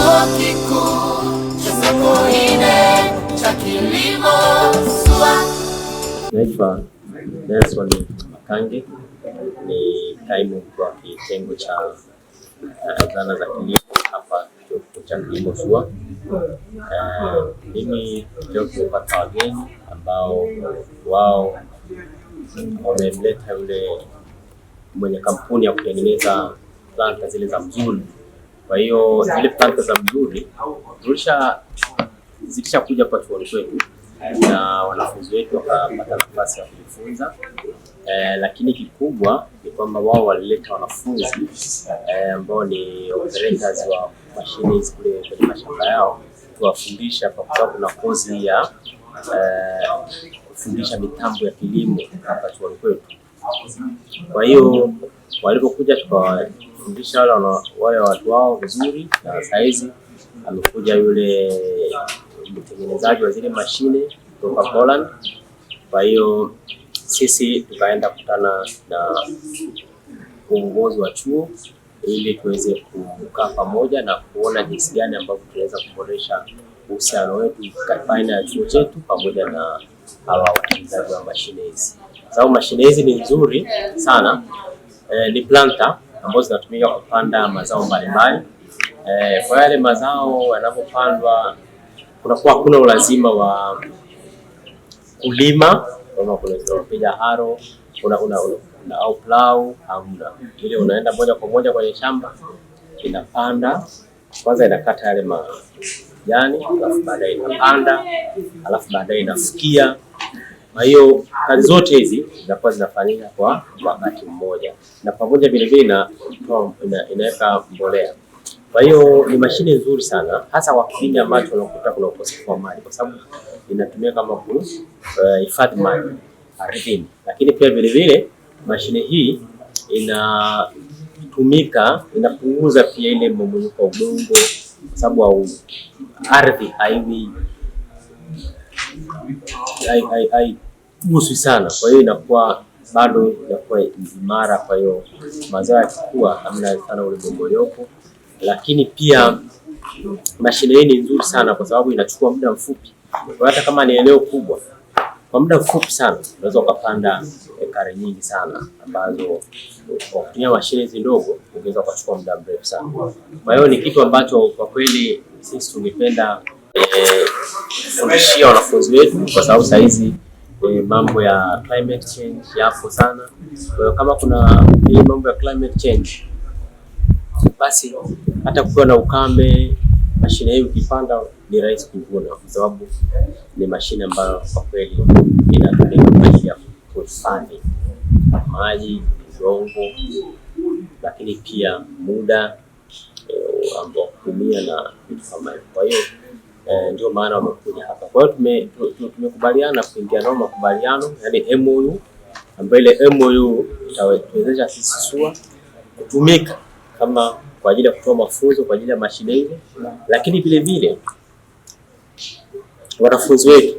Chuo Kikuu cha Sokoine cha Kilimo SUA. Naitwa Nelson Makangi, ni kaimu mkuu wa kitengo cha eh, zana za kilimo hapa Chuo Kikuu cha Kilimo SUA. Eh, mimi uh, leo tumepata wageni ambao wao wamemleta yule mwenye kampuni ya kutengeneza planta zile za mzuri kwa hiyo zile pata za mzuri zilishakuja kwa chuoni kwetu na wanafunzi wetu wakapata nafasi ya kujifunza eh, lakini kikubwa ni kwamba wao walileta wanafunzi eh, ambao eh, ni operators wa mashine hizi kule kwenye mashamba yao kuwafundisha, kwa sababu kuna kozi ya eh, kufundisha mitambo ya kilimo hapa chuoni kwetu. Kwa hiyo walipokuja tukawa kufundisha wale watu wao vizuri, na saizi amekuja yule mtengenezaji wa zile mashine kutoka Poland. Kwa hiyo sisi tukaenda kukutana na uongozi wa chuo ili tuweze kukaa pamoja na kuona jinsi gani ambavyo tunaweza kuboresha uhusiano wetu baina ya chuo chetu pamoja na hawa watengenezaji wa mashine hizi, sababu mashine hizi ni nzuri sana eh, ni planta ambazo zinatumika kupanda mazao mbalimbali. Eh, kwa yale mazao yanapopandwa kunakuwa hakuna ulazima wa kulima unapiga haro una, una, una, au plau hamna, ile unaenda moja kwa moja kwenye shamba inapanda kwanza, inakata yale majani alafu baadaye inapanda alafu baadaye inafukia kwa hiyo kazi zote hizi zinakuwa zinafanyika kwa wakati mmoja, na pamoja vilevile inatoa inaweka mbolea. Kwa hiyo ni mashine nzuri sana, hasa kwa kipindi ambacho unakuta kuna ukosefu wa maji, kwa sababu inatumia kama kuhifadhi eh, uh, maji ardhini, lakini pia vilevile mashine hii inatumika inapunguza pia ile mmomonyoko wa udongo, kwa sababu ardhi haiwi haiguswi sana, kwa hiyo inakuwa bado inakuwa imara. Kwa hiyo mazao yakikua hamna sana ule mgogoloko, lakini pia mashine hii ni nzuri sana kwa sababu inachukua muda mfupi. Hata kama ni eneo kubwa, kwa muda mfupi sana unaweza ukapanda ekari nyingi sana, ambazo kwa kutumia mashine hizi ndogo ungeweza ukachukua muda mrefu sana. Kwa hiyo ni kitu ambacho kwa kweli sisi tungependa kufundishia wanafunzi wetu, kwa sababu saa hizi eh, mambo ya climate change yapo sana. Kwa hiyo kama kuna hii mambo ya climate change, basi hata kukiwa na ukame, mashine hii ukipanda ni rahisi kuvuna, kwa sababu ni mashine ambayo kwa kweli inatumika kwa ajili ya kuhifadhi maji, udongo, lakini pia muda eh, ambao kutumia na vitu kama hivyo, kwa hiyo Eh, ndio maana wamekuja hapa. Kwa hiyo tumekubaliana kuingia nao makubaliano, yani MOU, ambayo ile MOU itawezesha sisi SUA kutumika kama kwa ajili ya kutoa mafunzo kwa ajili ya mashine ile, lakini vile vile wanafunzi wetu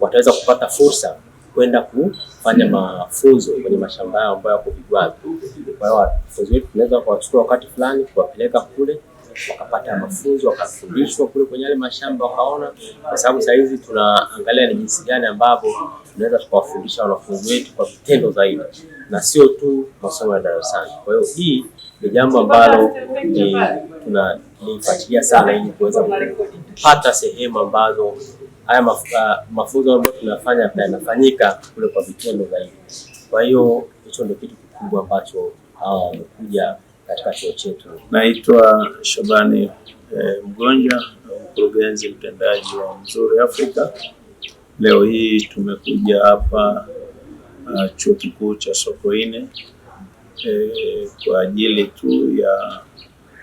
wataweza kupata fursa kwenda kufanya mafunzo kwenye mashamba yao ambayo yako Vigwavi. Kwa hiyo wanafunzi wetu tunaweza kuwachukua wakati fulani kuwapeleka kule wakapata mafunzo, wakafundishwa kule kwenye yale mashamba, wakaona, kwa sababu sasa hizi tunaangalia ni jinsi gani ambavyo tunaweza tukawafundisha wanafunzi wetu kwa vitendo zaidi na sio tu masomo ya darasani. Kwa hiyo hii ni jambo ambalo tunalifuatilia sana ili kuweza kupata sehemu ambazo haya maf ah, mafunzo ambayo tunafanya yanafanyika kule kwa vitendo zaidi. Kwa hiyo hicho ndio kitu kikubwa ambacho hawa wamekuja katika chuo chetu. Naitwa Shabani e, Mgonja, mkurugenzi mtendaji wa Mzuri Afrika. Leo hii tumekuja hapa uh, chuo kikuu cha Sokoine e, kwa ajili tu ya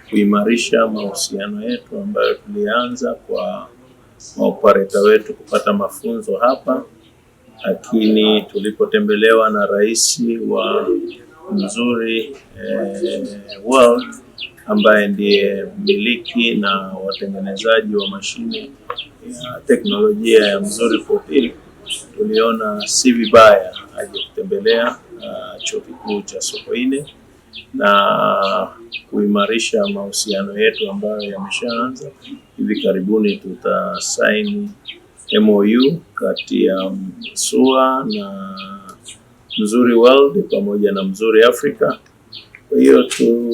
kuimarisha mahusiano yetu ambayo tulianza kwa maopareta wetu kupata mafunzo hapa, lakini tulipotembelewa na rais wa Mzuri eh, World ambaye ndiye mmiliki na watengenezaji wa mashine ya teknolojia ya Mzuri 14 tuliona si vibaya aje kutembelea uh, chuo kikuu cha Sokoine na kuimarisha mahusiano yetu ambayo yameshaanza. Hivi karibuni tutasaini MOU kati ya SUA na Mzuri World pamoja na Mzuri afrika Kwa hiyo tu,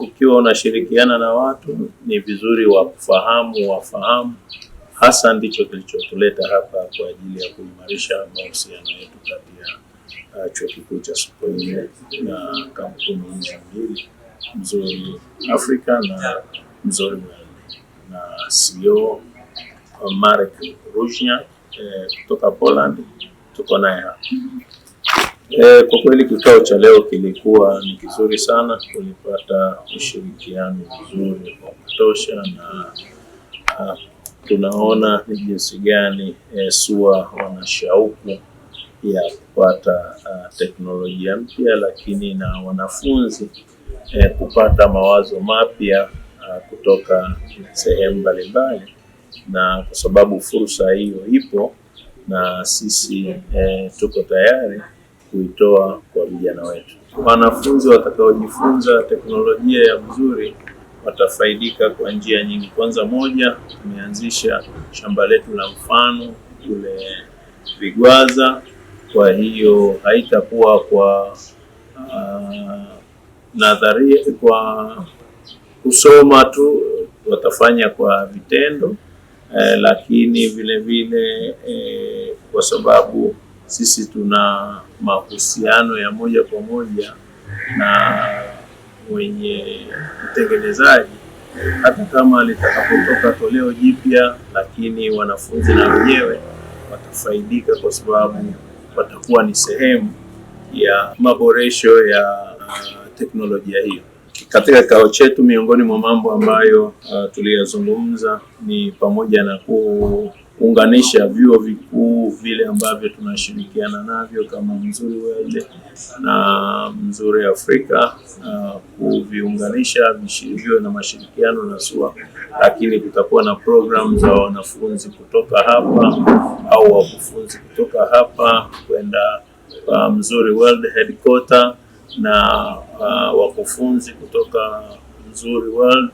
ukiwa unashirikiana na watu ni vizuri wafahamu wafahamu, hasa ndicho kilichotuleta hapa kwa ajili ya kuimarisha mahusiano yetu kati ya uh, chuo kikuu cha Sokoine na kampuni hizi mbili Mzuri afrika na Mzuri World na CEO uh, Marek Różniak eh, kutoka Poland tuko naye hapa. E, kwa kweli kikao cha leo kilikuwa ni kizuri sana. Tulipata ushirikiano mzuri wa kutosha na a, ah, tunaona ni jinsi gani e, SUA wana shauku ya kupata ah, teknolojia mpya, lakini na wanafunzi e, kupata mawazo mapya ah, kutoka sehemu mbalimbali, na kwa sababu fursa hiyo ipo na sisi e, tuko tayari kuitoa kwa vijana wetu. Wanafunzi watakaojifunza teknolojia ya mzuri watafaidika kwa njia nyingi. Kwanza, moja, tumeanzisha shamba letu la mfano kule Vigwaza, kwa hiyo haitakuwa kwa uh, nadharia kwa kusoma tu, watafanya kwa vitendo eh, lakini vile vile eh, kwa sababu sisi tuna mahusiano ya moja kwa moja na mwenye utengenezaji, hata kama litakapotoka toleo jipya, lakini wanafunzi na wenyewe watafaidika kwa sababu watakuwa ni sehemu ya maboresho ya teknolojia hiyo. Katika kikao chetu, miongoni mwa mambo ambayo uh, tuliyazungumza ni pamoja na ku kuunganisha vyuo vikuu vile ambavyo tunashirikiana navyo kama Mzuri World na Mzuri Afrika na kuviunganisha viwe na mashirikiano na SUA, lakini kutakuwa na programu za wanafunzi kutoka hapa au wakufunzi kutoka hapa kwenda uh, Mzuri World headquarter na uh, wakufunzi kutoka Mzuri World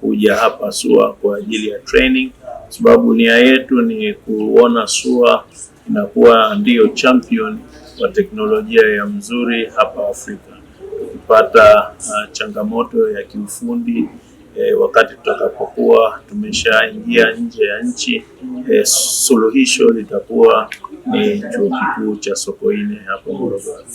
kuja hapa SUA kwa ajili ya training, sababu nia yetu ni kuona SUA inakuwa ndiyo champion wa teknolojia ya mzuri hapa Afrika, tukipata uh, changamoto ya kiufundi eh, wakati tutakapokuwa tumeshaingia nje ya nchi eh, suluhisho litakuwa ni chuo kikuu cha Sokoine hapo Morogoro.